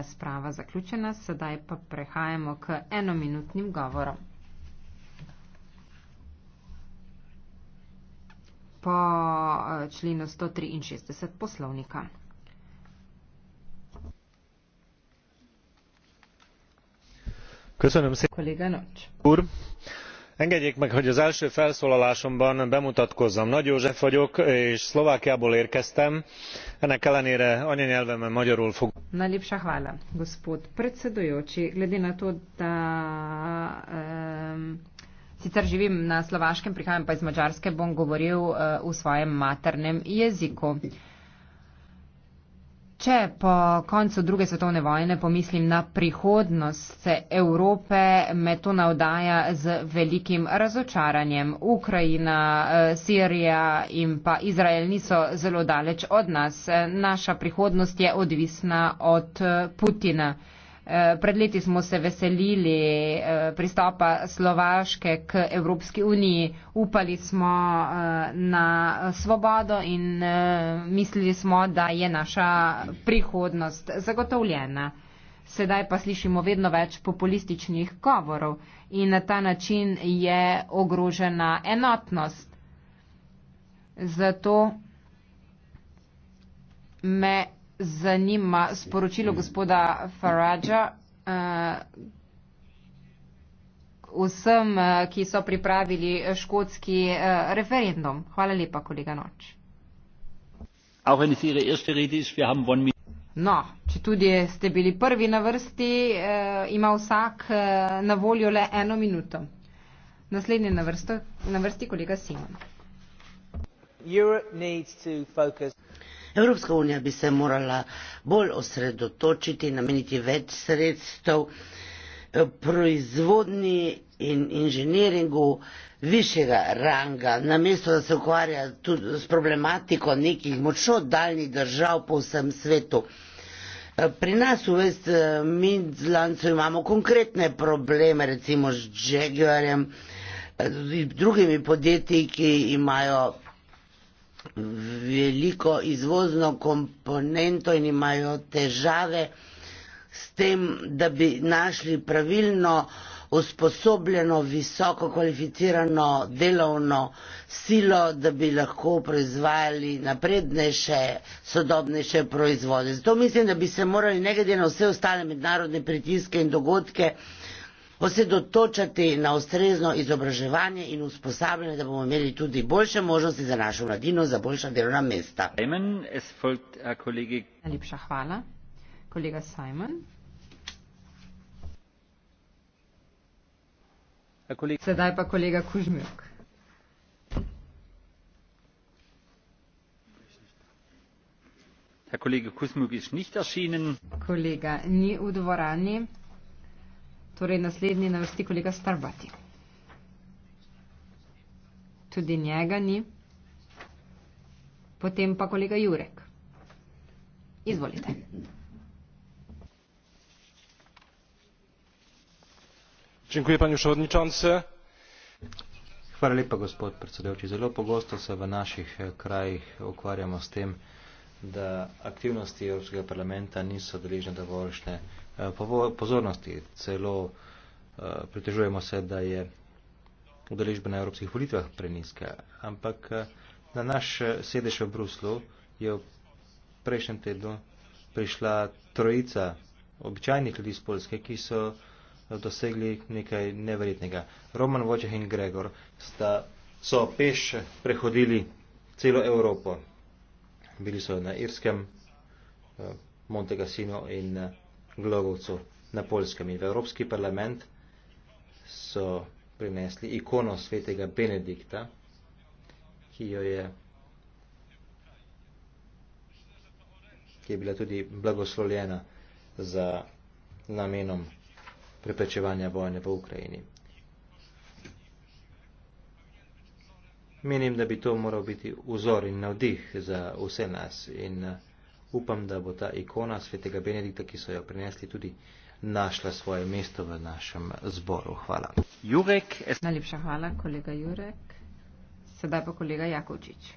razprava zaključena, sedaj pa prehajamo k enominutnim govorom. Po eh, členu 163 poslovnika. Kaj se nam se? Kolega Noč. Ur engedjék meg hogy az első felszólalásomban bemutatkozzam nagy józsef vagyok és szlovákiából érkeztem ennek ellenére anyanyelvemen magyarul Sicer živim na Slovaškem, prihajam pa iz Mačarske, bom govoril uh, v svojem maternem jeziku. Uh, Če po koncu druge svetovne vojne pomislim na prihodnost Evrope, me to navdaja z velikim razočaranjem. Ukrajina, e, Sirija in pa Izrael niso zelo daleč od nas. E, naša prihodnost je odvisna od e, Putina. Eh, pred leti smo se veselili eh, pristopa Slovaške k Evropski uniji, upali smo eh, na svobodo in mislili smo, da je naša prihodnost zagotovljena. Sedaj pa slišimo vedno več populističnih govorov in na ta način je ogrožena enotnost. Zato me zanima sporočilo gospoda Faraja eh, vsem, eh, ki so pripravili škotski eh, referendum. Hvala lepa, kolega Noč. No, če tudi ste bili prvi na vrsti, ima vsak na voljo le eno minuto. Naslednji na, vrsto, na vrsti kolega Simon. Europe needs to focus. Evropska unija bi se morala bolj osredotočiti, nameniti več sredstev eh, proizvodni in inženiringu višjega ranga, namesto da se ukvarja tudi s problematiko nekih močno daljnih držav po vsem svetu. Eh, pri nas v West eh, Midlandsu imamo konkretne probleme, recimo z Jaguarjem, z drugimi podjetji, ki imajo veliko izvozno komponento in imajo težave s tem, da bi našli pravilno usposobljeno, visoko kvalificirano delovno silo, da bi lahko proizvajali naprednejše, sodobnejše proizvode. Zato mislim, da bi se morali ne glede na vse ostale mednarodne pritiske in dogodke, osredotočati na ustrezno izobraževanje in usposabljanje, da bomo imeli tudi boljše možnosti za našo mladino, za boljša delovna mesta. Simon, folgt, kolegi... Najlepša hvala. Kolega Simon. Kolega... Sedaj pa kolega Kužmjuk. Herr Kollege Kusmuk ist nicht erschienen. Kollege, nie in der Torej, naslednji na vrsti kolega Starbati. Tudi njega ni. Potem pa kolega Jurek. Izvolite. Dziękuję panie przewodniczący. Hvala lepa, gospod predsedevči. Zelo pogosto se v naših eh, krajih ukvarjamo s tem, da aktivnosti Evropskega parlamenta niso deležne dovoljšne eh, pozornosti. Celo eh, pritežujemo se, da je udeležba na evropskih volitvah preniska. Ampak eh, na naš sedež v Bruslu je v prejšnjem tednu prišla trojica običajnih ljudi iz Polske, ki so dosegli nekaj neverjetnega. Roman Vojčeh in Gregor sta, so peš prehodili celo Evropo bili so na Irskem, eh, Monte Cassino in eh, Glogovcu na Poljskem. In v Evropski parlament so prinesli ikono svetega Benedikta, ki jo je ki je bila tudi blagoslovljena za namenom preprečevanja vojne v Ukrajini. Menim, da bi to moral biti vzor in navdih za vse nas in eh, upam, da bo ta ikona svetega Benedikta, ki so jo prinesli, tudi našla svoje mesto v našem zboru. Hvala. Jurek. Najlepša hvala, kolega Jurek. Sedaj pa kolega Jakovčič.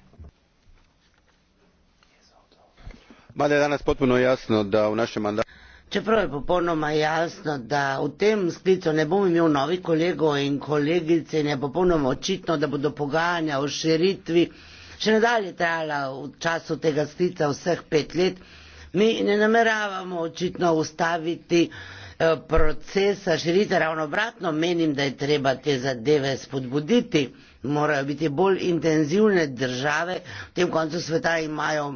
Mada je danas potpuno jasno da u našem mandatu... Čeprav je popolnoma jasno, da v tem sklicu ne bom imel novih kolegov in kolegice in je popolnoma očitno, da bodo pogajanja o širitvi še nadalje trajala v času tega sklica vseh pet let, mi ne nameravamo očitno ustaviti eh, procesa širitve, ravno obratno menim, da je treba te zadeve spodbuditi, morajo biti bolj intenzivne države, v tem koncu sveta imajo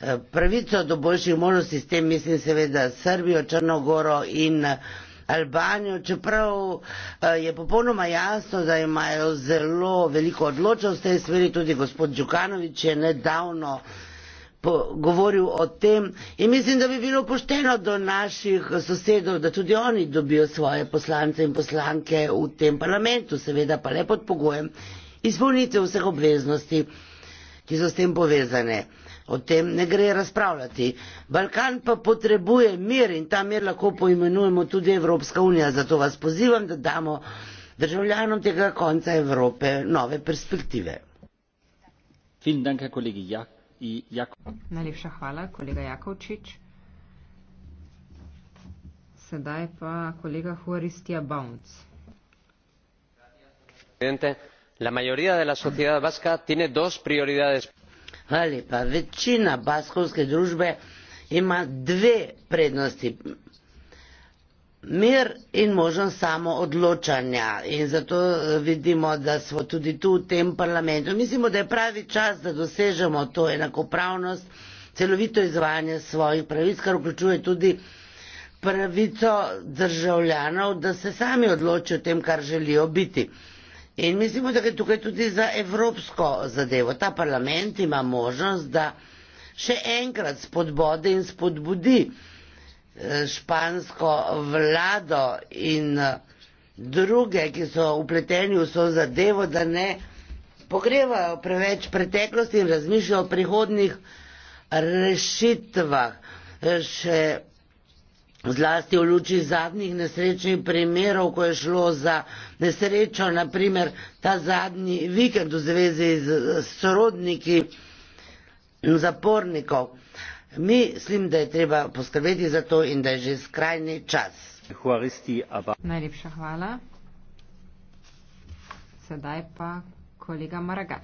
Eh, pravico do boljših možnosti, s tem mislim seveda Srbijo, Črnogoro in eh, Albanijo, čeprav eh, je popolnoma jasno, da imajo zelo veliko odločov v tej smeri, tudi gospod Đukanovič je nedavno govoril o tem in mislim, da bi bilo pošteno do naših sosedov, da tudi oni dobijo svoje poslance in poslanke v tem parlamentu, seveda pa le pod pogojem izpolnitev vseh obveznosti, ki so s tem povezane o tem ne gre razpravljati. Balkan pa potrebuje mir in ta mir lahko poimenujemo tudi Evropska unija. Zato vas pozivam, da damo državljanom tega konca Evrope nove perspektive. Danke, jak Najlepša hvala, kolega Jakovčič. Sedaj pa kolega Huaristija Bounc. La mayoría de la sociedad vasca tiene dos prioridades. Hvala lepa. Večina baskovske družbe ima dve prednosti. Mir in možnost samo odločanja. In zato eh, vidimo, da smo tudi tu v tem parlamentu. Mislimo, da je pravi čas, da dosežemo to enakopravnost, celovito izvajanje svojih pravic, kar vključuje tudi pravico državljanov, da se sami odločijo o tem, kar želijo biti. In mislimo, da gre tukaj tudi za evropsko zadevo. Ta parlament ima možnost, da še enkrat spodbode in spodbudi eh, špansko vlado in eh, druge, ki so upleteni v so zadevo, da ne pogrevajo preveč preteklosti in razmišljajo o prihodnih rešitvah. Eh, še zlasti v luči zadnjih nesrečnih primerov, ko je šlo za nesrečo, naprimer ta zadnji vikend v zvezi z sorodniki zapornikov. Mi mislim, da je treba poskrbeti za to in da je že skrajni čas. Najlepša hvala. Sedaj pa kolega Maragat.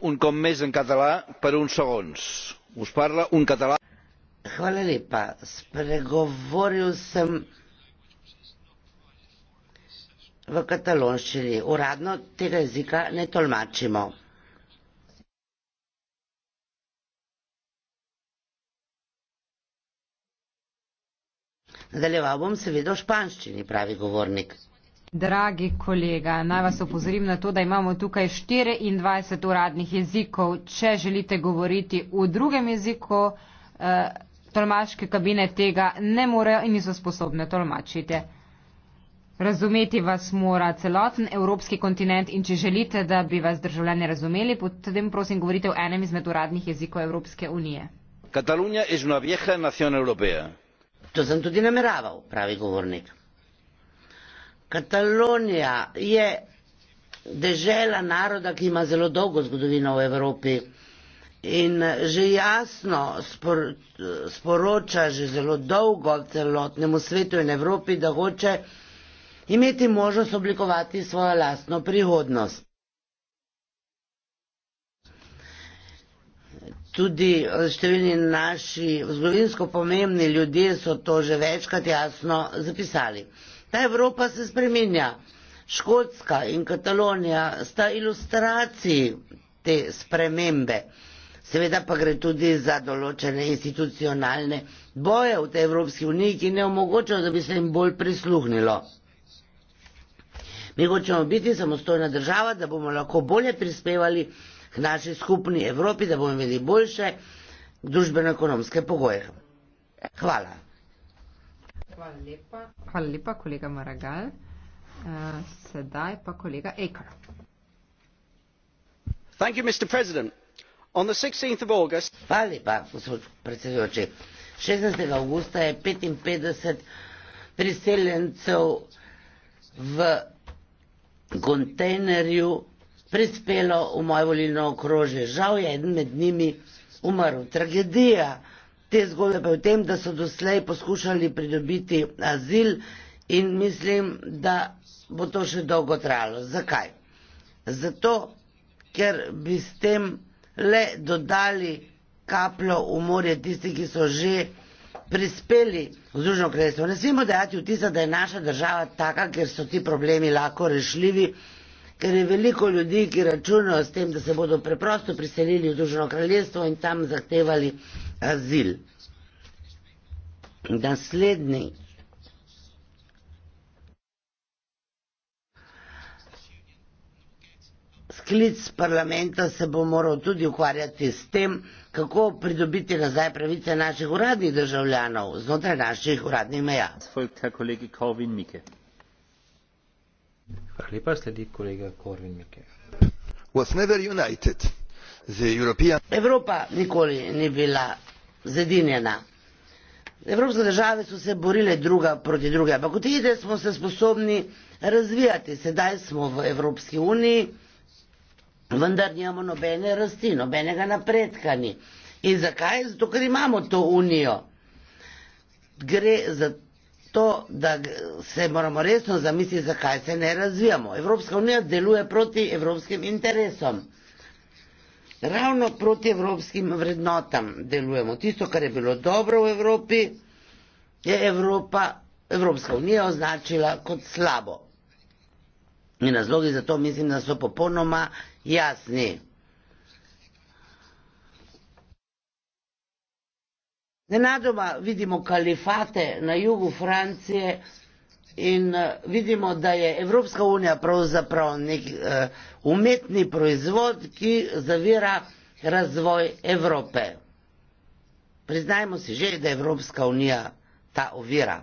Un com més en català per uns segons. Us parla un català Hvala lepa. Spregovoril sem v katalonščini. Uradno tega jezika ne tolmačimo. Nadaljeval bom seveda v španščini, pravi govornik. Dragi kolega, naj vas opozorim na to, da imamo tukaj 24 uradnih jezikov. Če želite govoriti v drugem jeziku, eh, tolmaške kabine tega ne morejo in niso sposobne tolmačiti. Razumeti vas mora celoten evropski kontinent in če želite, da bi vas državljani razumeli, potem prosim govorite v enem izmed uradnih jezikov Evropske unije. Katalunija je že vieha nacion Evropeja. To sem tudi nameraval, pravi govornik. Katalonija je dežela naroda, ki ima zelo dolgo zgodovino v Evropi. In eh, že jasno sporoča že zelo dolgo celotnemu svetu in Evropi, da hoče imeti možnost oblikovati svojo lastno prihodnost. Tudi eh, številni naši zgodovinsko pomembni ljudje so to že večkrat jasno zapisali. Ta Evropa se spreminja. Škotska in Katalonija sta ilustraciji te spremembe seveda pa gre tudi za določene institucionalne boje v tej Evropski uniji, ki ne omogočajo, da bi se jim bolj prisluhnilo. Mi hočemo biti samostojna država, da bomo lahko bolje prispevali k naši skupni Evropi, da bomo imeli boljše družbeno-ekonomske pogoje. Hvala. Hvala lepa. Hvala lepa, kolega Maragal. Uh, sedaj pa kolega Eker. Thank you, Mr. President on the sixteenth of august Hvala, pa, predsedujoči. 16. augusta je 55 priseljencev v kontejnerju prispelo v moje volilno okrožje. Žal je eden med njimi umrl. Tragedija te zgodbe pa je v tem, da so doslej poskušali pridobiti azil in mislim, da bo to še dolgo trajalo. Zakaj? Zato, ker bi s tem le dodali kapljo v morje tisti, ki so že prispeli v Združeno kraljestvo. Ne smemo dajati vtisa, da je naša država taka, ker so ti problemi lahko rešljivi, ker je veliko ljudi, ki računajo s tem, da se bodo preprosto priselili v Združeno kraljestvo in tam zahtevali azil. Naslednji sklic parlamenta se bo moral tudi ukvarjati s tem, kako pridobiti nazaj pravice naših uradnih državljanov znotraj naših uradnih meja. Evropa nikoli ni bila zedinjena. Evropske države so se borile druga proti druge, ampak kot ide smo se sposobni razvijati. Sedaj smo v Evropski uniji vendar nimamo nobene rasti, nobenega napredka. Ni. In zakaj? Zato, ker imamo to unijo. Gre za to, da se moramo resno zamisliti, zakaj se ne razvijamo. Evropska unija deluje proti evropskim interesom. Ravno proti evropskim vrednotam delujemo. Tisto, kar je bilo dobro v Evropi, je Evropa, Evropska unija označila kot slabo in razlogi za to mislim, da so popolnoma jasni. Nenadoma vidimo kalifate na jugu Francije in eh, vidimo, da je Evropska unija pravzaprav nek eh, umetni proizvod, ki zavira razvoj Evrope. Priznajmo si že, da je Evropska unija ta ovira.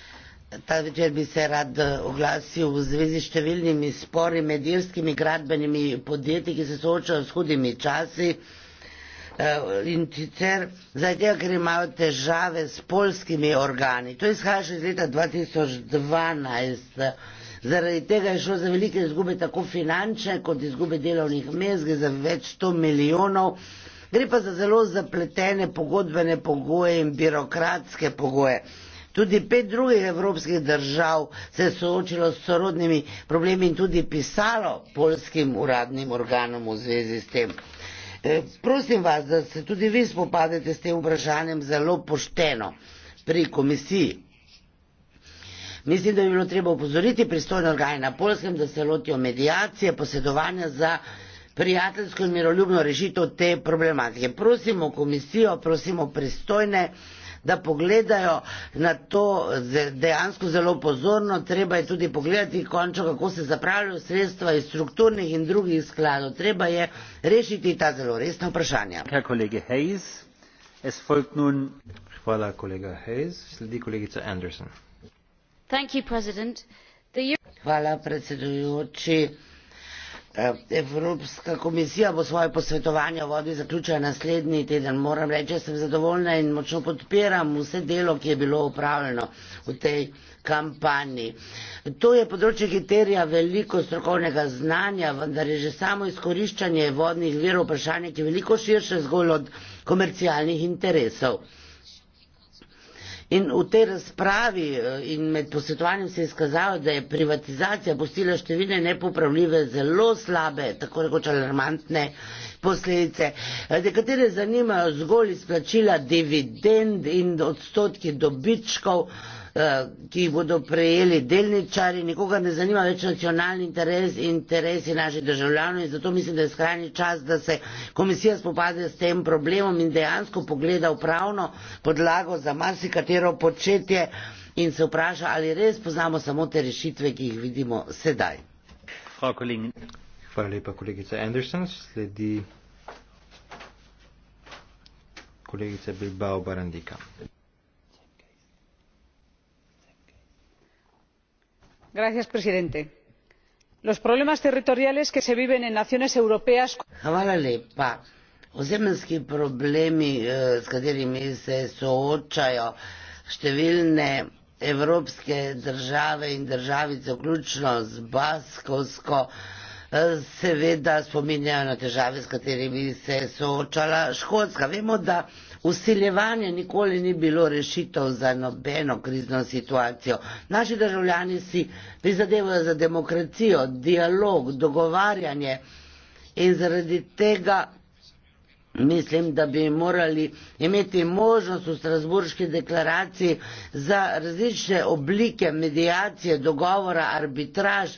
Ta večer bi se rad eh, oglasil v zvezi s številnimi spori med irskimi gradbenimi podjetji, ki se soočajo s hudimi časi. Eh, in sicer zato, ker imajo težave s polskimi organi. To izhaja še iz leta 2012. Zaradi tega je šlo za velike izgube, tako finančne kot izgube delovnih mest, gre za več sto milijonov. Gre pa za zelo zapletene pogodbene pogoje in birokratske pogoje. Tudi pet drugih evropskih držav se je soočilo s sorodnimi problemi in tudi pisalo polskim uradnim organom v zvezi s tem. E, prosim vas, da se tudi vi spopadete s tem vprašanjem zelo pošteno pri komisiji. Mislim, da bi bilo treba upozoriti pristojne organe na polskem, da se lotijo medijacije, posedovanja za prijateljsko in miroljubno rešitev te problematike. Prosimo komisijo, prosimo pristojne da pogledajo na to dejansko zelo pozorno. Treba je tudi pogledati končno, kako se zapravljajo sredstva iz strukturnih in drugih skladov. Treba je rešiti ta zelo resna vprašanja. Hvala, kolega Hayes. Sledi kolegica Anderson. Hvala, predsedujoči. Eh, Evropska komisija bo svoje posvetovanje o vodi zaključila naslednji teden. Moram reči, da sem zadovoljna in močno podpiram vse delo, ki je bilo upravljeno v tej kampanji. To je področje, ki terja veliko strokovnega znanja, vendar je že samo izkoriščanje vodnih virov vprašanje, ki je veliko širše zgolj od komercialnih interesov. In v tej razpravi eh, in med posvetovanjem se je izkazalo, da je privatizacija postila številne nepopravljive, zelo slabe, tako rekoč alarmantne posledice. Eh, nekatere zanimajo zgolj izplačila dividend in odstotki dobičkov. Eh, ki jih bodo prejeli delničari, nikoga ne zanima več nacionalni interes in interesi naših državljanov in zato mislim, da je skrajni čas, da se komisija spopade s tem problemom in dejansko pogleda v pravno podlago za marsikatero početje in se vpraša, ali res poznamo samo te rešitve, ki jih vidimo sedaj. Hvala, Hvala lepa, kolegica Anderson. Sledi kolegica Bilbao Barandika. señor presidente los problemas territoriales que se viven en naciones europeas. ozemeljski problemi eh, s katerimi se soočajo številne evropske države in državice vključno z baskovsko eh, seveda spominjajo na težave s katerimi se je soočala škotska. vemo da Usiljevanje nikoli ni bilo rešitev za nobeno krizno situacijo. Naši državljani si prizadevajo za demokracijo, dialog, dogovarjanje in zaradi tega mislim, da bi morali imeti možnost v Strasburški deklaraciji za različne oblike medijacije, dogovora, arbitraž,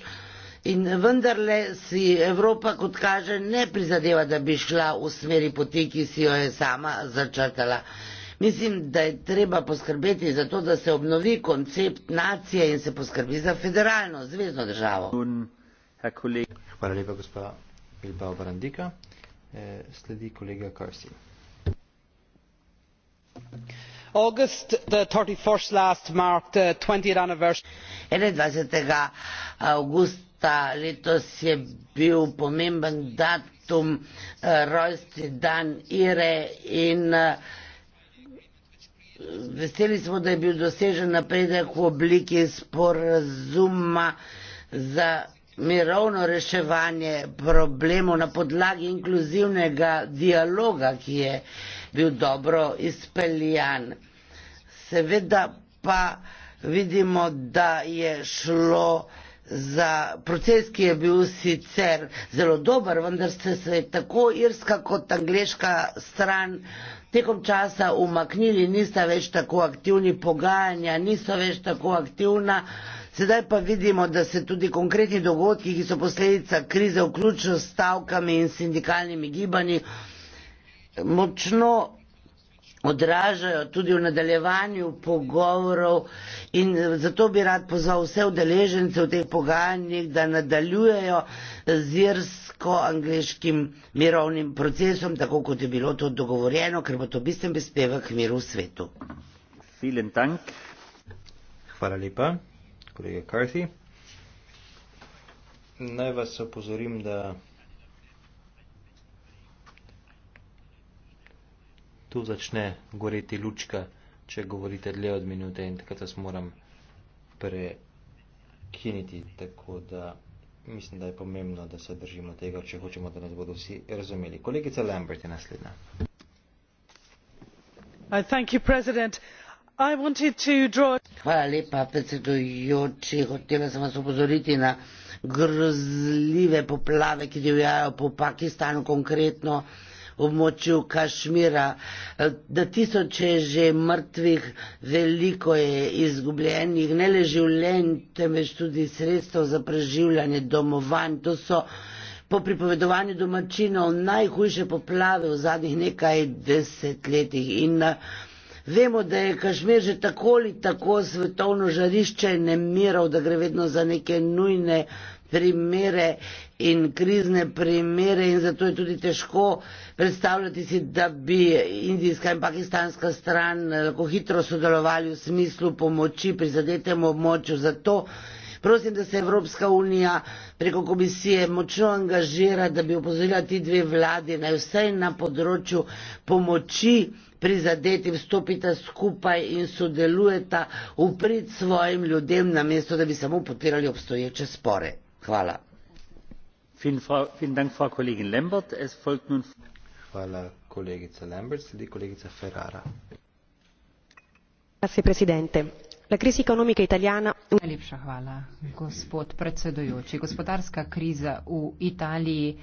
In vendarle si Evropa, kot kaže, ne prizadeva, da bi šla v smeri poti, ki si jo je sama začrtala. Mislim, da je treba poskrbeti za to, da se obnovi koncept nacije in se poskrbi za federalno, zvezdno državo. Hvala lepa, gospa Bilbao Barandika. E, sledi kolega Karsi. August the 31st last marked the 20th anniversary. 21. August leta, letos je bil pomemben datum, eh, rojstni dan Ire in eh, veseli smo, da je bil dosežen napredek v obliki sporazuma za mirovno reševanje problemov na podlagi inkluzivnega dialoga, ki je bil dobro izpeljan. Seveda pa vidimo, da je šlo za proces, ki je bil sicer zelo dober, vendar ste se tako irska kot angliška stran tekom časa umaknili, nista več tako aktivni, pogajanja niso več tako aktivna. Sedaj pa vidimo, da se tudi konkretni dogodki, ki so posledica krize, vključno s stavkami in sindikalnimi gibanji, močno odražajo tudi v nadaljevanju pogovorov in eh, zato bi rad pozval vse udeležence v teh pogajanjih, da nadaljujejo z irsko-angliškim mirovnim procesom, tako kot je bilo to dogovorjeno, ker bo to bistven prispevek k miru v svetu. Hvala lepa, kolega Karthi. Naj vas opozorim, da tu začne goreti lučka, če govorite dlje od minute in takrat vas moram prekiniti, tako da mislim, da je pomembno, da se držimo tega, če hočemo, da nas bodo vsi razumeli. Kolegica Lambert je naslednja. I uh, thank you, President. I wanted to draw... Hvala lepa, predsedujoči. Hotela sem vas upozoriti na grozljive poplave, ki divjajo po Pakistanu konkretno. Uh, območju Kašmira, da eh, tisoče je že mrtvih, veliko je izgubljenih, ne le življenj, temveč tudi sredstev za preživljanje domovanj. To so po pripovedovanju domačinov najhujše poplave v zadnjih nekaj desetletjih. In eh, Vemo, da je Kašmir že tako ali tako svetovno žarišče nemirov, da gre vedno za neke nujne primere in krizne primere in zato je tudi težko predstavljati si, da bi indijska in pakistanska stran lahko hitro sodelovali v smislu pomoči prizadetemu območju. Zato prosim, da se Evropska unija preko komisije močno angažira, da bi opozorila ti dve vladi naj vsaj na področju pomoči prizadeti, vstopite skupaj in sodelujete v prid svojim ljudem, namesto da bi samo potirali obstoječe spore hvala kolegici lambert sledi kolegica ferrara grazie presidente la crisi economica italiana najlepša hvala gospod predsedujoči gospodarska kriza v italiji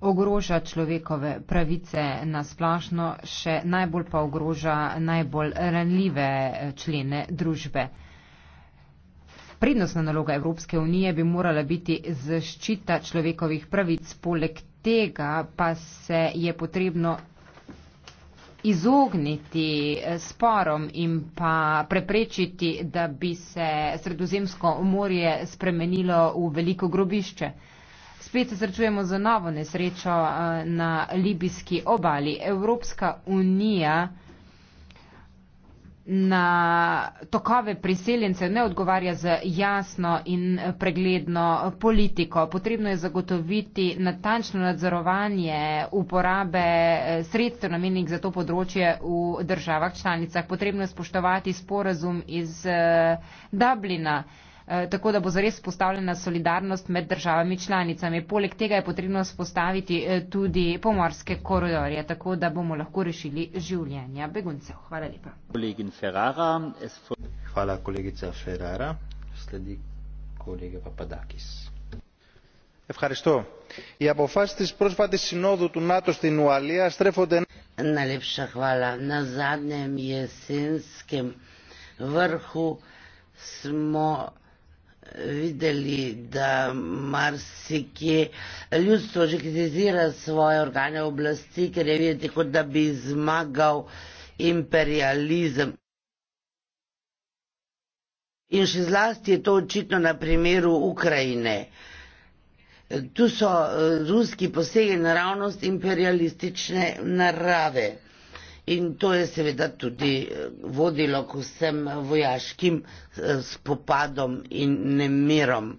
ogroža človekove pravice na splošno še najbolj pa ogroža najbolj ranljive člene družbe prednostna naloga Evropske unije bi morala biti zaščita človekovih pravic, poleg tega pa se je potrebno izogniti eh, sporom in pa preprečiti, da bi se sredozemsko morje spremenilo v veliko grobišče. Spet se srečujemo za novo nesrečo eh, na libijski obali. Evropska unija na tokove priseljencev ne odgovarja z jasno in pregledno politiko. Potrebno je zagotoviti natančno nadzorovanje uporabe eh, sredstev namenjenih za to področje v državah članicah. Potrebno je spoštovati sporazum iz eh, Dublina. Eh, tako da bo zares spostavljena solidarnost med državami članicami. Poleg tega je potrebno spostaviti eh, tudi pomorske koridorje, tako da bomo lahko rešili življenja beguncev. Hvala lepa. Hvala kolegica Ferrara. Sledi kolega Papadakis. Ευχαριστώ. Οι αποφάσει τη πρόσφατη συνόδου του ΝΑΤΟ στην Ουαλία στρέφονται. Να λέψα χβάλα. Να ζάνε μιεσίνσκε βέρχου σμό. Smo videli, da marsikje ljudstvo že kritizira svoje organe oblasti, ker je videti, kot da bi zmagal imperializem. In še zlasti je to očitno na primeru Ukrajine. Tu so eh, ruski posegi naravnost imperialistične narave. In to je seveda tudi eh, vodilo k vsem vojaškim eh, spopadom in nemirom.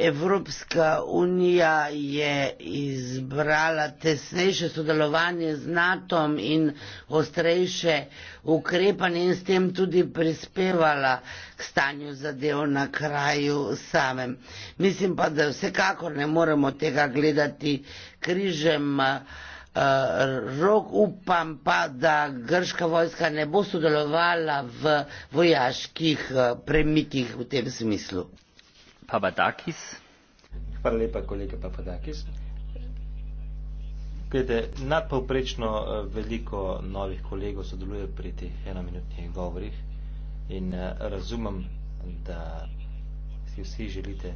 Evropska unija je izbrala tesnejše sodelovanje z NATO-om in ostrejše ukrepanje in s tem tudi prispevala k stanju zadev na kraju samem. Mislim pa, da vsekakor ne moremo tega gledati križem uh, rok, upam pa, da grška vojska ne bo sodelovala v vojaških eh, premikih v tem smislu papadakis hvala lepa kolega papadakis glede nadpovprečno eh, veliko novih kolegov sodeluje pri teh enominutnih govorih in eh, razumem da si vsi želite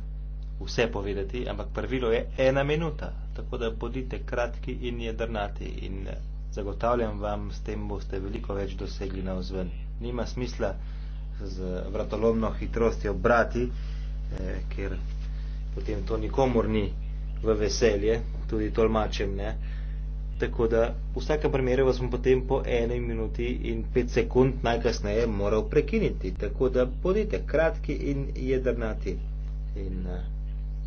vse povedati ampak pravilo je ena minuta tako da bodite kratki in jedrnati in eh, zagotavljam vam s tem boste veliko več dosegli na vzven nima smisla z vratolomno hitrostjo brati uh, eh, ker potem to nikomor ni v veselje, tudi tolmačem ne. Tako da vsaka primere vas bom potem po enej minuti in pet sekund najkasneje moral prekiniti. Tako da bodite kratki in jedrnati. In eh,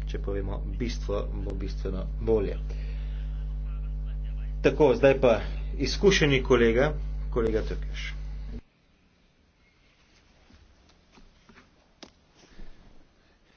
če povemo, bistvo bo bistveno bolje. Tako, zdaj pa izkušeni kolega, kolega Tokeš.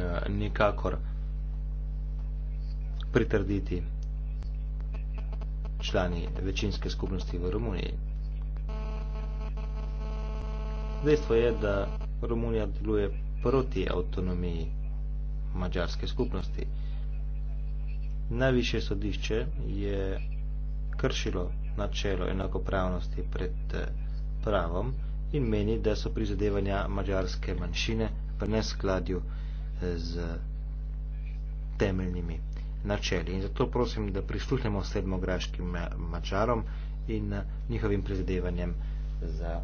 Eh, nikakor pritrditi člani večinske skupnosti v Romuniji. Dejstvo je, da Romunija deluje proti avtonomiji mađarske skupnosti. Najviše sodišče je kršilo načelo enakopravnosti pred eh, pravom in meni, da so prizadevanja mađarske manjšine v neskladju z temeljnimi načeli. In zato prosim, da prisluhnemo sedmograškim mačarom in eh, njihovim prizadevanjem za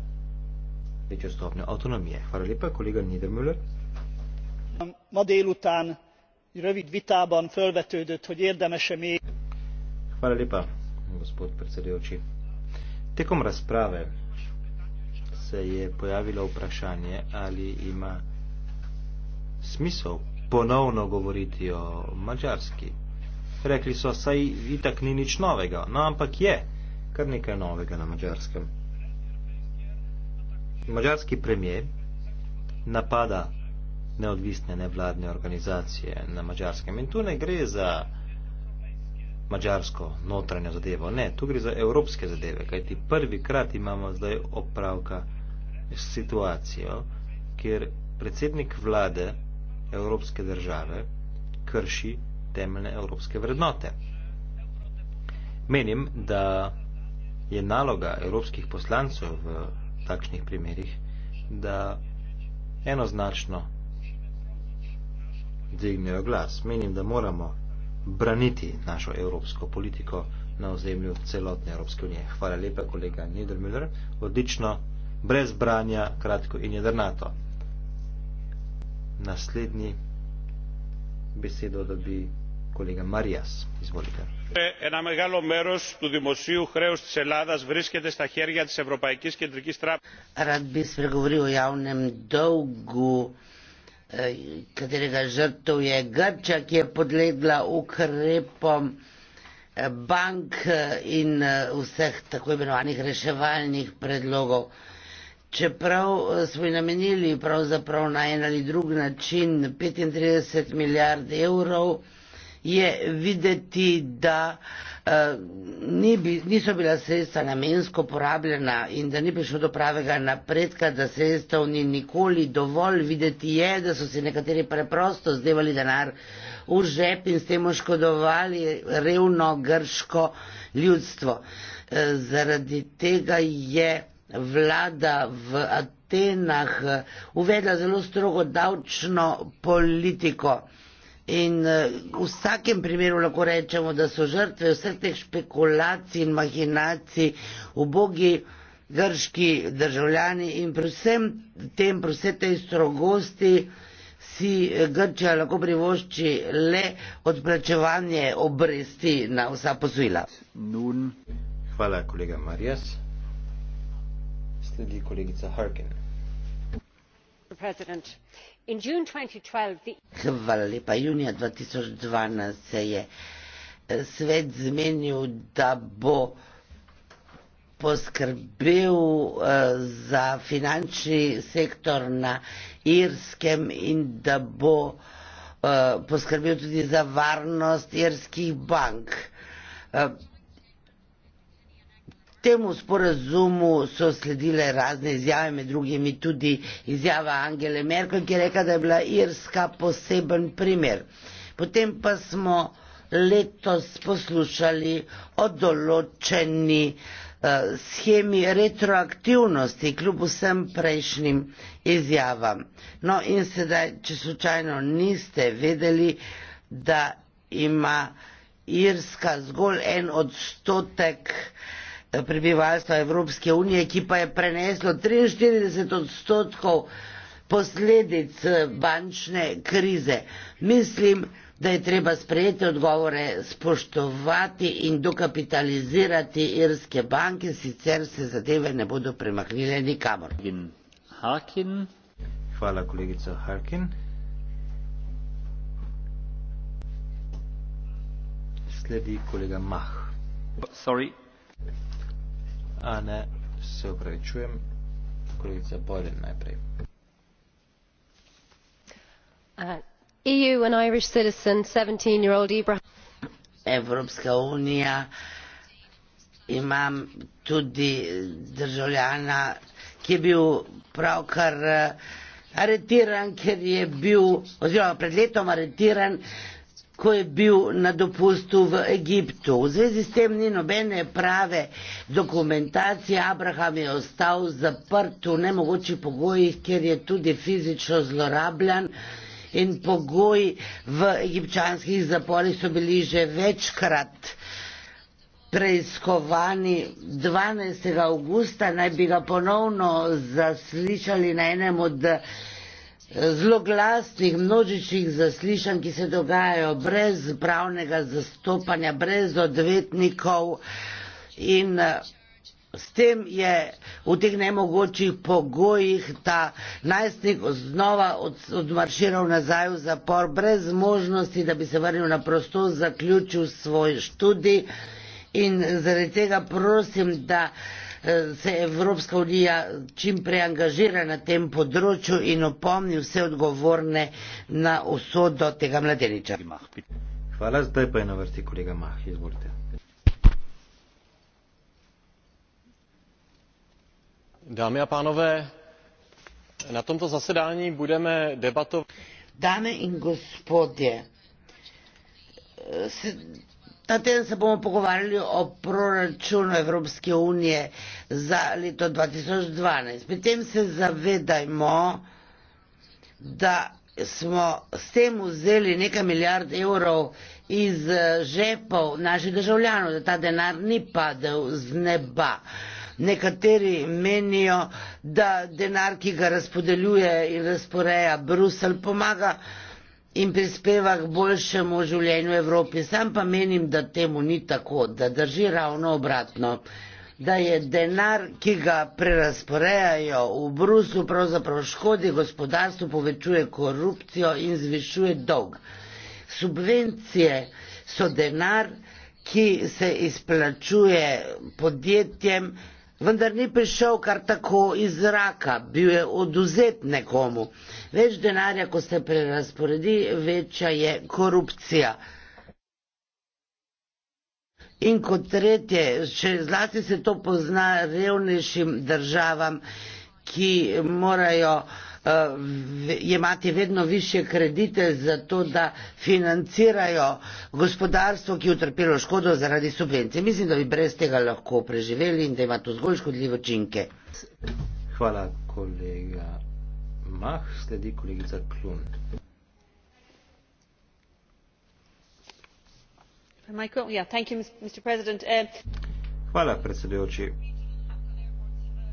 večjo stopnjo avtonomije. Hvala lepa, kolega Niedermüller. Ma délután rövid vitában fölvetődött, hogy érdemese még. Hvala lepa, gospod predsedujoči. Tekom razprave se je pojavilo vprašanje, ali ima smisel ponovno govoriti o mačarski. Rekli so, saj itak ni nič novega, no ampak je kar nekaj novega na mačarskem. Mačarski premijer napada neodvisne nevladne organizacije na mačarskem in tu ne gre za mačarsko notranjo zadevo, ne, tu gre za evropske zadeve, kajti prvi krat imamo zdaj opravka s situacijo, kjer predsednik vlade evropske države krši temeljne evropske vrednote. Menim, da je naloga evropskih poslancev v takšnih primerih, da enoznačno dvignejo glas. Menim, da moramo braniti našo evropsko politiko na ozemlju celotne Evropske unije. Hvala lepa, kolega Niedermüller. Odlično, brez branja, kratko in jedrnato naslednji besedo dobi kolega Marijas. Izvolite. Ένα μεγάλο μέρο του δημοσίου χρέου τη Ελλάδα βρίσκεται στα χέρια τη Ευρωπαϊκή Κεντρική Τράπεζα. Rad bi spregovoril o javnem dolgu, eh, katerega žrtev je Grča, ki je podlegla ukrepom eh, bank eh, in vseh tako imenovanih reševalnih predlogov čeprav eh, smo ji namenili pravzaprav na en ali drug način 35 milijard evrov, je videti, da uh, ni bi, niso bila sredstva namensko porabljena in da ni prišlo do pravega napredka, da sredstev ni nikoli dovolj. Videti je, da so si nekateri preprosto zdevali denar v žep in s tem oškodovali revno grško ljudstvo. Uh, zaradi tega je vlada v Atenah eh, uvedla zelo strogo davčno politiko. In eh, v vsakem primeru lahko rečemo, da so žrtve vseh teh špekulacij in mahinacij ubogi grški državljani in pri vsem tem, pri vse tej strogosti si eh, Grčija lahko privošči le odplačevanje obresti na vsa posojila. Nun. Hvala, kolega Marjas sledi kolegica harkin junija dva tisoč dvanajst se je eh, svet zmenil da bo poskrbel eh, za finančni sektor na irskem in da bo eh, poskrbel tudi za varnost irskih bank temu sporazumu so sledile razne izjave, med drugimi tudi izjava Angele Merkel, ki je rekla, da je bila Irska poseben primer. Potem pa smo letos poslušali o določeni eh, schemi retroaktivnosti kljub vsem prejšnjim izjavam. No in sedaj, če slučajno niste vedeli, da ima Irska zgolj en odstotek uh, Eh, prebivalstva Evropske unije, ki pa je preneslo 43 odstotkov posledic eh, bančne krize. Mislim, da je treba sprejeti odgovore, spoštovati in dokapitalizirati irske banke, sicer se zadeve ne bodo premaknile nikamor. Hvala, kolegica Harkin. Sledi kolega Mah. Sorry, A ne, se upravičujem, kolegica Boren najprej. Uh, EU and Irish citizen, 17 year old Ibrahim. Evropska unija, imam tudi državljana, ki je bil pravkar uh, aretiran, ker je bil, oziroma pred letom aretiran, ko je bil na dopustu v Egiptu. V zvezi s tem ni nobene prave dokumentacije. Abraham je ostal zaprt v nemogočih pogojih, ker je tudi fizično zlorabljan. In pogoji v egipčanskih zaporih so bili že večkrat preiskovani. 12. avgusta naj bi ga ponovno zaslišali na enem od zloglasnih množičnih zaslišanj, ki se dogajajo brez pravnega zastopanja, brez odvetnikov in eh, s tem je v teh nemogočih pogojih ta najstnik znova od, odmarširal nazaj v zapor brez možnosti, da bi se vrnil na prostost, zaključil svoj študij in zaradi tega prosim, da se Evropska unija čim prej angažira na tem področju in opomni vse odgovorne na usodo tega mladeniča. Hvala, zdaj pa je na vrsti kolega Mah, izvolite. Dame a panove, na tomto zasedání budeme debatovat. Dame in gospodje, se, Ta teden se bomo pogovarjali o proračunu Evropske unije za leto 2012. Pri tem se zavedajmo, da smo s tem vzeli nekaj milijard evrov iz žepov naših državljanov, da ta denar ni padel z neba. Nekateri menijo, da denar, ki ga razpodeljuje in razporeja Brusel, pomaga in prispeva k boljšemu življenju Evropi. Sam pa menim, da temu ni tako, da drži ravno obratno, da je denar, ki ga prerasporejajo v Bruslu, pravzaprav škodi gospodarstvu, povečuje korupcijo in zvišuje dolg. Subvencije so denar, ki se izplačuje podjetjem, vendar ni prišel kar tako iz zraka, bil je oduzet nekomu. Več denarja, ko se prerasporedi, večja je korupcija. In kot tretje, še zlasti se to pozna revnejšim državam, ki morajo uh, Eh, jemati vedno više kredite za to, da financirajo gospodarstvo, ki je utrpelo škodo zaradi subvencije. Mislim, da bi brez tega lahko preživeli in da ima to zgolj škodljivo činke. Hvala, kolega Mah. Sledi kolegica Klun. Eh, Hvala, predsedujoči.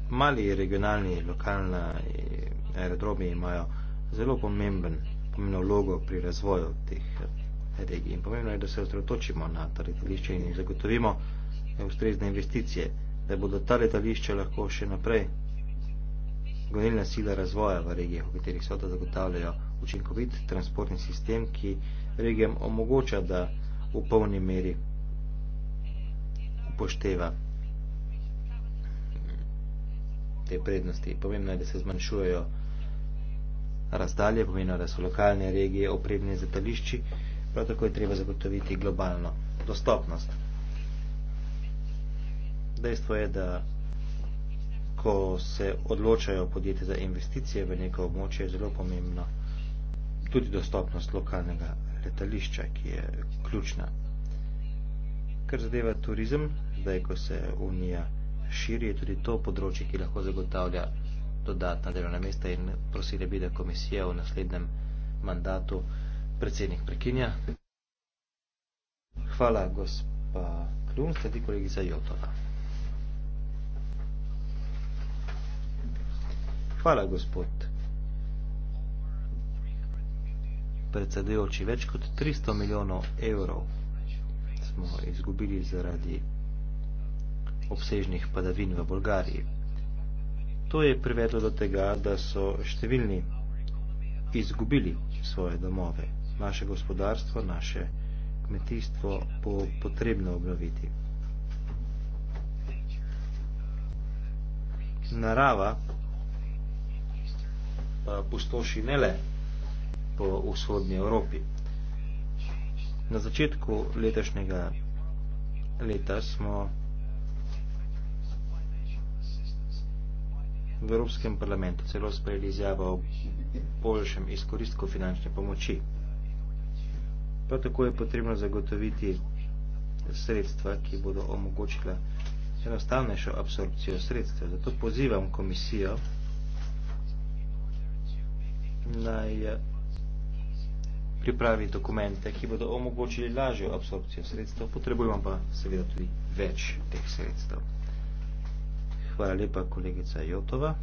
Mali regionalni, lokalni aerodromi imajo zelo pomemben, pomembno vlogo pri razvoju teh regij. In pomembno je, da se osredotočimo na ta letališče in zagotovimo ustrezne investicije, da bodo ta letališče lahko še naprej gonilna sila razvoja v regijah, v katerih so, da zagotavljajo učinkovit transportni sistem, ki regijam omogoča, da v polni meri upošteva te prednosti. Pomembno je, da se zmanjšujejo razdalje, pomeni, da so lokalne regije opremljene z letališči, prav tako je treba zagotoviti globalno dostopnost. Dejstvo je, da ko se odločajo podjetje za investicije v neko območje, je zelo pomembno tudi dostopnost lokalnega letališča, ki je ključna. Kar zadeva turizem, zdaj ko se Unija širi, je tudi to področje, ki lahko zagotavlja dodatna delovna mesta in prosili bi, da komisija v naslednjem mandatu predsednik prekinja. Hvala, gospa Klum, sledi kolegica Jotova. Hvala, gospod. Predsedujoči, več kot 300 milijonov evrov smo izgubili zaradi obsežnih padavin v Bolgariji. To je privedlo do tega, da so številni izgubili svoje domove, naše gospodarstvo, naše kmetijstvo bo potrebno obnoviti. Narava pa eh, pustoši ne le po vzhodni Evropi. Na začetku letošnjega leta smo v Evropskem parlamentu celo sprejeli izjavo o boljšem izkoristku finančne pomoči. Prav tako je potrebno zagotoviti sredstva, ki bodo omogočila enostavnejšo absorpcijo sredstva. Zato pozivam komisijo naj eh, pripravi dokumente, ki bodo omogočili lažjo absorpcijo sredstva, potrebujemo pa seveda tudi več teh sredstev. Hvala lepa, kolegica Jotova.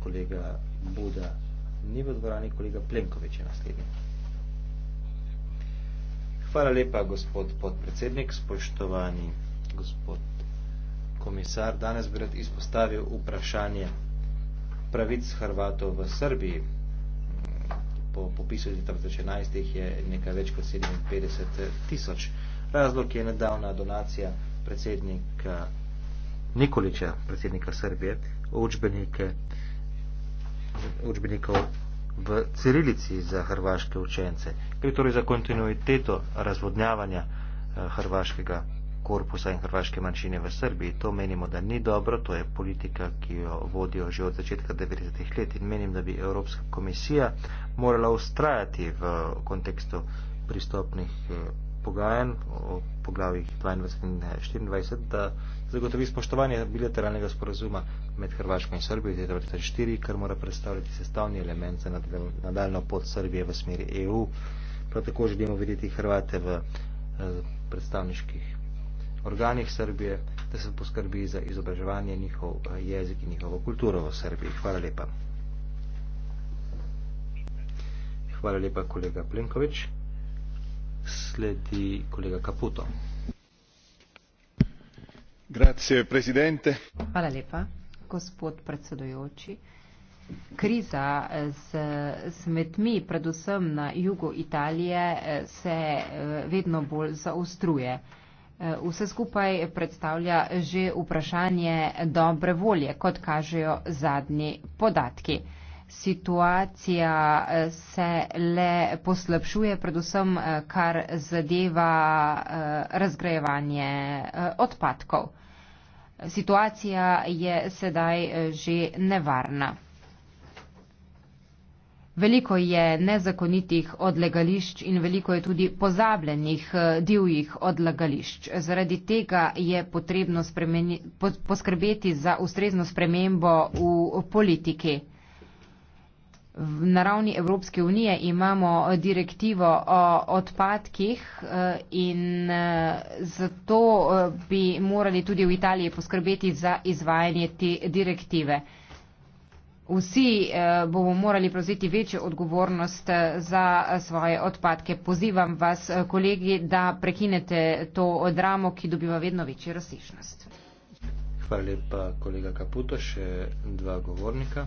Kolega Buda ni v dvorani, kolega Plenković je naslednji. Hvala lepa, gospod podpredsednik, spoštovani gospod komisar. Danes bi rad izpostavil vprašanje pravic Hrvatov v Srbiji. Po popisu iz 2011 je nekaj več kot 57 tisoč. Razlog je nedavna donacija predsednika Nikolića, predsjednika Srbije, učbenike, učbenika v Cirilici za hrvaške učence, gre torej za kontinuiteto razvodnjavanja eh, hrvaškega korpusa in hrvaške manjšine v Srbiji. To menimo, da ni dobro, to je politika, ki jo vodijo že od začetka 90. let in menim, da bi Evropska komisija morala ustrajati v kontekstu pristopnih eh, pogajanj o poglavjih 22 in 24, eh, da zagotovi spoštovanje bilateralnega sporazuma med Hrvaško in Srbijo iz 2004, kar mora predstavljati sestavni element za nadaljno pot Srbije v smeri EU. Prav tako želimo videti Hrvate v eh, predstavniških organih Srbije, da se poskrbi za izobraževanje njihov eh, jezik in njihovo kulturo v Srbiji. Hvala lepa. Hvala lepa kolega Plenković. Sledi kolega Caputo. Grazie, presidente. Hvala lepa, gospod predsedujoči. Kriza z eh, smetmi, predvsem na jugu Italije, eh, se eh, vedno bolj zaostruje. Vse skupaj predstavlja že vprašanje dobre volje, kot kažejo zadnji podatki situacija eh, se le poslabšuje, predvsem eh, kar zadeva eh, razgrajevanje odpadkov. Situacija je sedaj že nevarna. Veliko je nezakonitih odlagališč in veliko je tudi pozabljenih divjih odlagališč. Zaradi tega je potrebno spremeni, poskrbeti za ustrezno spremembo v politiki. Na ravni Evropske unije imamo eh, direktivo o odpadkih eh, in eh, zato bi morali tudi v Italiji poskrbeti za izvajanje te direktive. Vsi bomo morali prevzeti večjo odgovornost za svoje odpadke. Pozivam vas, kolegi, da prekinete to dramo, ki dobiva vedno večjo razsešnost. Hvala lepa, kolega Kaputo, še dva govornika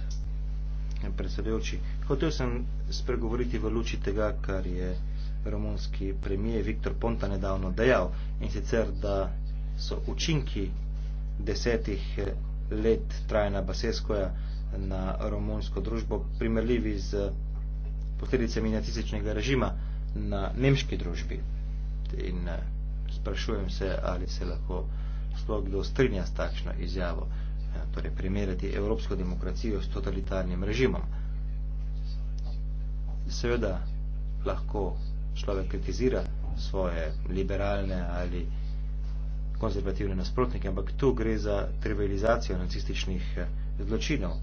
predsedujoči. Hotel sem spregovoriti v luči tega, kar je romunski premije Viktor Ponta nedavno dejal in sicer, da so učinki desetih eh, let trajena Baseskoja na romunsko družbo primerljivi z posledicami nacističnega režima na nemški družbi. In eh, sprašujem se, ali se lahko sploh kdo strinja s takšno izjavo. Ja, torej primerjati evropsko demokracijo s totalitarnim režimom. Seveda lahko človek kritizira svoje liberalne ali konzervativne nasprotnike, ampak tu gre za trivializacijo nacističnih eh, zločinov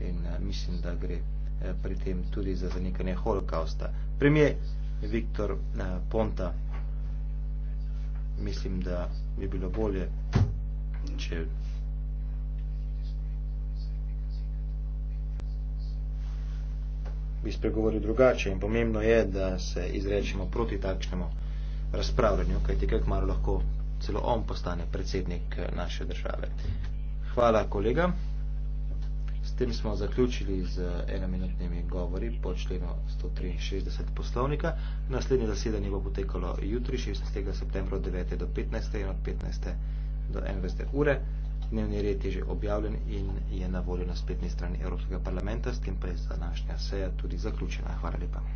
in eh, mislim, da gre eh, pri tem tudi za zanikanje holokausta. Premijer Viktor Ponta, mislim, da bi bilo bolje, če bi spregovoril drugače in pomembno je, da se izrečemo proti takšnemu razpravljanju, kajti kaj kmalo lahko celo on postane predsednik eh, naše države. Hvala, kolega. S tem smo zaključili z eh, enominutnimi govori po členu 163 poslovnika. Naslednje zasedanje bo potekalo jutri, 16. septembra od 9. do 15. in od 15. do 21. ure dnevni red je že objavljen in je na voljo na spetni strani Evropskega parlamenta, s tem pa je današnja seja tudi zaključena. Hvala lepa.